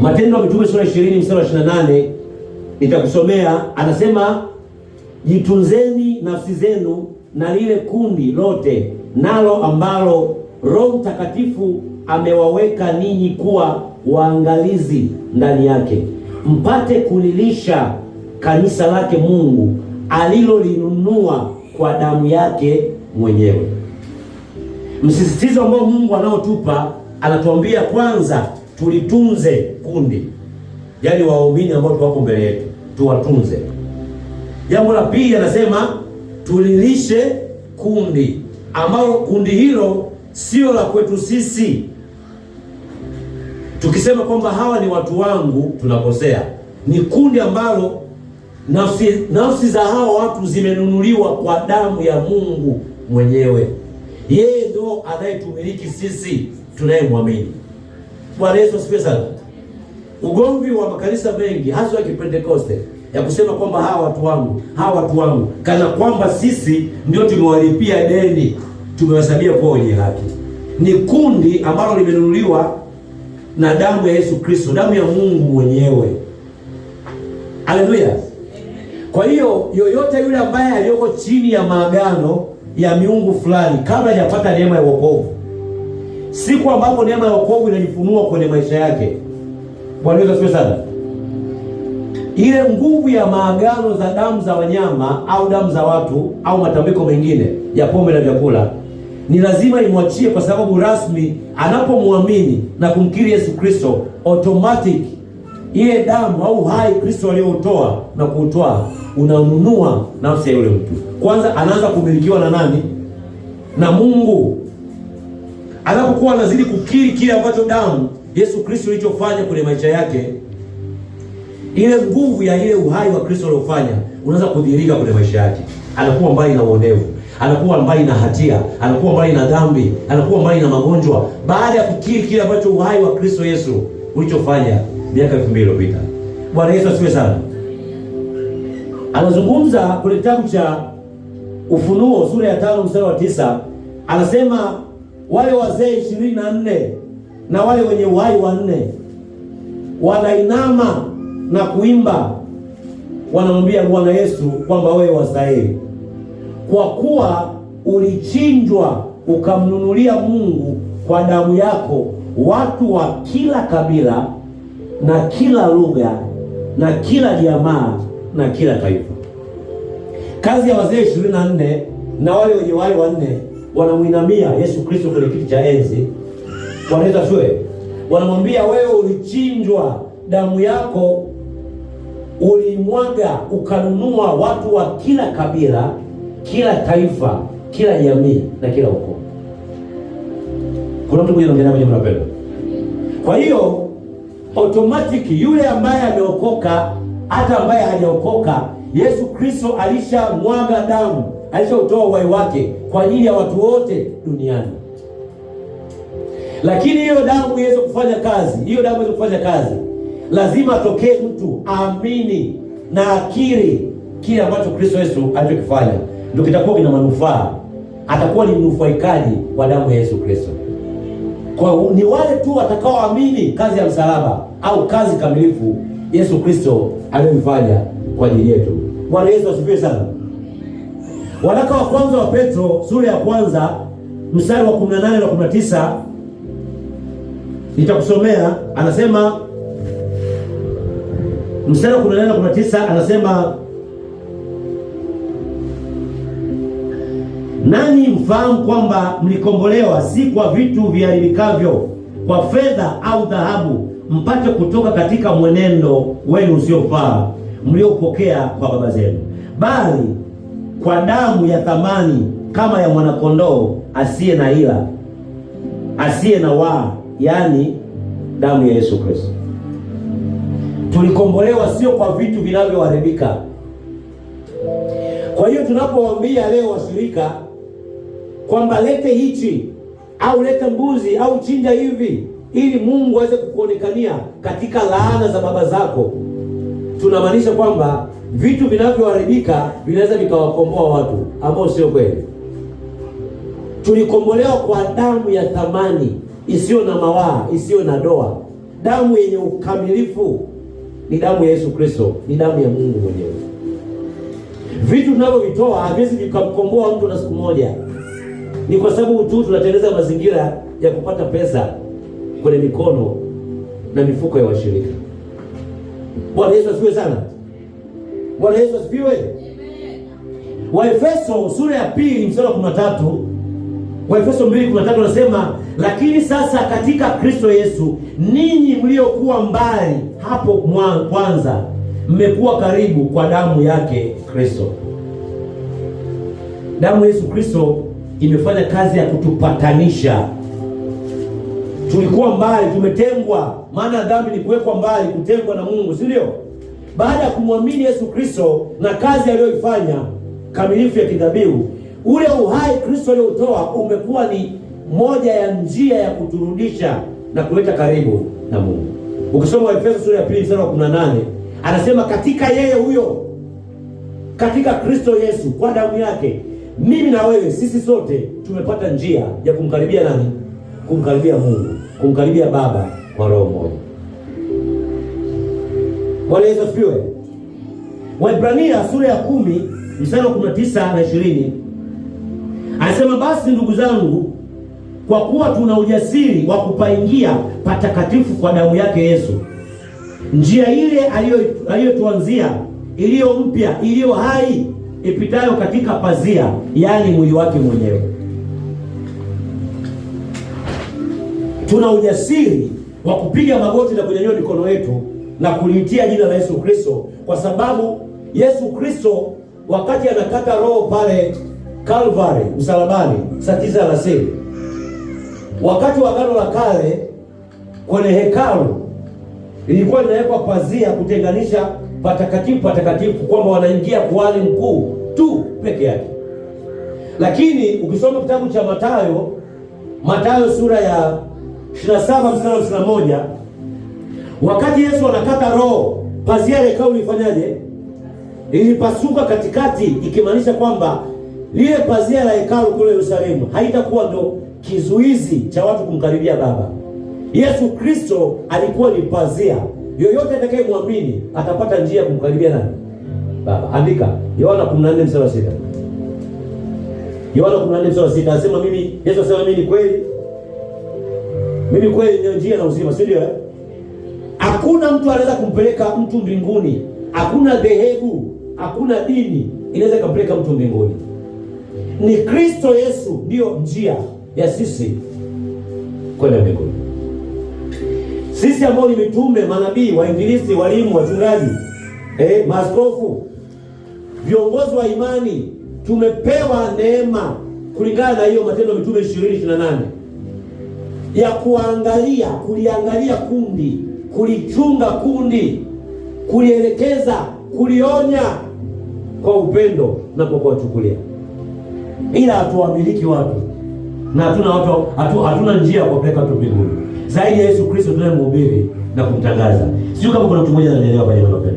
Matendo ya Mitume sura 20 mstari wa 28 nitakusomea, anasema jitunzeni nafsi zenu na lile kundi lote nalo ambalo Roho Mtakatifu amewaweka ninyi kuwa waangalizi ndani yake, mpate kulilisha kanisa lake Mungu alilolinunua kwa damu yake mwenyewe. Msisitizo ambao Mungu anaotupa anatuambia, kwanza tulitunze kundi, yaani waumini ambao tuwako mbele yetu tuwatunze. Jambo la pili anasema tulilishe kundi ambalo kundi hilo sio la kwetu sisi. Tukisema kwamba hawa ni watu wangu, tunakosea. Ni kundi ambalo nafsi, nafsi za hawa watu zimenunuliwa kwa damu ya Mungu mwenyewe. Yeye ndo anayetumiliki sisi tunayemwamini. Bwana Yesu asifiwe sana ugomvi wa makanisa mengi hasa ya Kipentekoste ya kusema kwamba hawa watu wangu, hawa watu wangu, kana kwamba sisi ndio tumewalipia deni, tumewasabia kuwa wenye haki. Ni kundi ambalo limenunuliwa na damu ya Yesu Kristo, damu ya Mungu mwenyewe. Haleluya! Kwa hiyo yoyote yule ambaye aliyoko chini ya maagano ya miungu fulani, kabla hajapata neema ya wokovu, siku ambapo neema ya wokovu inajifunua kwenye maisha yake Bwana Yesu asifiwe sana. Ile nguvu ya maagano za damu za wanyama au damu za watu au matambiko mengine ya pombe na vyakula ni lazima imwachie, kwa sababu rasmi anapomwamini na kumkiri Yesu Kristo, automatic ile damu au hai Kristo aliyoutoa na kuutoa unanunua nafsi ya yule mtu. Kwanza anaanza kumilikiwa na nani? Na Mungu. Anapokuwa anazidi kukiri kile ambacho damu Yesu Kristo ulichofanya kwenye maisha yake, ile nguvu ya ile uhai wa Kristo aliofanya unaweza kudhihirika kwenye maisha yake. Anakuwa mbali na uonevu, anakuwa mbali na hatia, anakuwa mbali na dhambi, anakuwa mbali na magonjwa, baada ya kukiri kile ambacho uhai wa Kristo Yesu ulichofanya miaka elfu mbili iliyopita. Bwana Yesu asifiwe sana. Anazungumza kwenye kitabu cha Ufunuo sura ya tano mstari wa tisa anasema wale wazee ishirini na nne na wale wenye uhai wanne wanainama na kuimba, wanamwambia Bwana Yesu kwamba wewe wastahili, kwa kuwa ulichinjwa ukamnunulia Mungu kwa damu yako watu wa kila kabila na kila lugha na kila jamaa na kila taifa. Kazi ya wazee ishirini na nne na wale wenye uhai wanne wanamwinamia Yesu Kristo kwenye kiti cha enzi wanaweza shule, wanamwambia wewe ulichinjwa, damu yako ulimwaga, ukanunua watu wa kila kabila, kila taifa, kila jamii na kila ukoo. Kuna mtu mmoja anaongea mwenye mnapenda. Kwa hiyo automatic yule ambaye ameokoka hata ambaye hajaokoka, Yesu Kristo alishamwaga damu, alishautoa uhai wake kwa ajili ya watu wote duniani. Lakini hiyo damu iweze kufanya kazi, hiyo damu iweze kufanya kazi, lazima atokee mtu aamini na akiri kile ambacho Kristo Yesu alichokifanya, ndio kitakuwa kina manufaa. Atakuwa ni mnufaikaji wa damu ya Yesu Kristo. Kwa ni wale tu watakaoamini kazi ya msalaba au kazi kamilifu Yesu Kristo aliyoifanya kwa ajili yetu. Bwana Yesu asifiwe sana. Waraka wa kwanza wa Petro sura ya kwanza mstari wa 18 na 19 nitakusomea. Anasema mstari wa kumi na nane kumi na tisa anasema Nani mfahamu kwamba mlikombolewa si kwa vitu viharibikavyo, kwa fedha au dhahabu, mpate kutoka katika mwenendo wenu usiofaa mliopokea kwa baba zenu, bali kwa damu ya thamani kama ya mwanakondoo asiye na ila, asiye na waa, yaani damu ya Yesu Kristo. Tulikombolewa sio kwa vitu vinavyoharibika. Kwa hiyo tunapoambia leo washirika kwamba lete hichi au lete mbuzi au chinja hivi ili Mungu aweze kukuonekania katika laana za baba zako, tunamaanisha kwamba vitu vinavyoharibika vinaweza vikawakomboa watu ambao sio kweli. Tulikombolewa kwa damu ya thamani isiyo na mawaa, isiyo na doa. Damu yenye ukamilifu ni damu ya Yesu Kristo, ni damu ya Mungu mwenyewe. Vitu tunavyovitoa haviwezi vikamkomboa mtu na siku moja, ni kwa sababu tu tunatengeneza mazingira ya kupata pesa kwenye mikono na mifuko ya washirika. Bwana Yesu asifiwe sana. Bwana Yesu asifiwe. Waefeso sura ya pili mstari wa 13, Waefeso 2:13 anasema lakini sasa katika Kristo Yesu, ninyi mliokuwa mbali hapo kwanza mmekuwa karibu kwa damu yake Kristo. Damu Yesu Kristo imefanya kazi ya kutupatanisha. Tulikuwa mbali, tumetengwa. Maana dhambi ni kuwekwa mbali, kutengwa na Mungu, si ndio? Baada ya kumwamini Yesu Kristo na kazi aliyoifanya kamilifu ya kidhabihu, ule uhai Kristo aliyotoa umekuwa ni moja ya njia ya kuturudisha na kuleta karibu na Mungu. Ukisoma Waefeso sura ya pili mstari wa 18 anasema katika yeye huyo, katika Kristo Yesu, kwa damu yake, mimi na wewe, sisi sote tumepata njia ya kumkaribia nani? Kumkaribia Mungu, kumkaribia Baba kwa roho moja. Bwana Yesu asifiwe. Waebrania sura ya kumi mstari wa 19 na 20 anasema basi ndugu zangu kwa kuwa tuna ujasiri wa kupaingia patakatifu kwa damu yake Yesu. Njia ile aliyotuanzia iliyo mpya iliyo hai ipitayo katika pazia, yaani mwili wake mwenyewe. Tuna ujasiri wa kupiga magoti na kunyanyua mikono yetu na kuliitia jina la Yesu Kristo, kwa sababu Yesu Kristo wakati anakata roho pale Calvary msalabani saa tisa alasiri Wakati wa Agano la Kale kwenye hekalu ilikuwa inawekwa pazia kutenganisha patakatifu patakatifu, kwamba wanaingia kuhani mkuu tu peke yake. Lakini ukisoma kitabu cha Mathayo, Mathayo sura ya 27 mstari 51, wakati Yesu anakata roho, pazia la hekalu ilifanyaje? Ilipasuka katikati, ikimaanisha kwamba lile pazia la hekalu kule Yerusalemu haitakuwa ndio kizuizi cha watu kumkaribia Baba. Yesu Kristo alikuwa ni pazia, yoyote atakaye atakayemwamini atapata njia ya kumkaribia nani? Baba. Andika Yohana 14 mstari wa 6. Yohana 14 mstari wa 6 anasema mimi, Yesu anasema mimi ni kweli, mimi kweli ndio njia na uzima, si ndio? Eh? Hakuna mtu anaweza kumpeleka mtu mbinguni, hakuna dhehebu, hakuna dini inaweza kumpeleka mtu mbinguni. Ni Kristo Yesu ndiyo njia ya sisi kwenda mbinguni. Sisi ambao ni mitume, manabii, wainjilisti, walimu, wachungaji, eh, maaskofu, viongozi wa imani, tumepewa neema kulingana na hiyo Matendo Mitume 28 ya kuangalia, kuliangalia kundi, kulichunga kundi, kulielekeza, kulionya kwa upendo na kwa kuwachukulia, ila hatuwamiliki watu na hatuna watu, hatu, hatuna njia ya kuwapeleka watu mbinguni zaidi ya Yesu Kristo tunayemhubiri na kumtangaza. sio kama kuna mtu mmoja ananielewa kwa jina la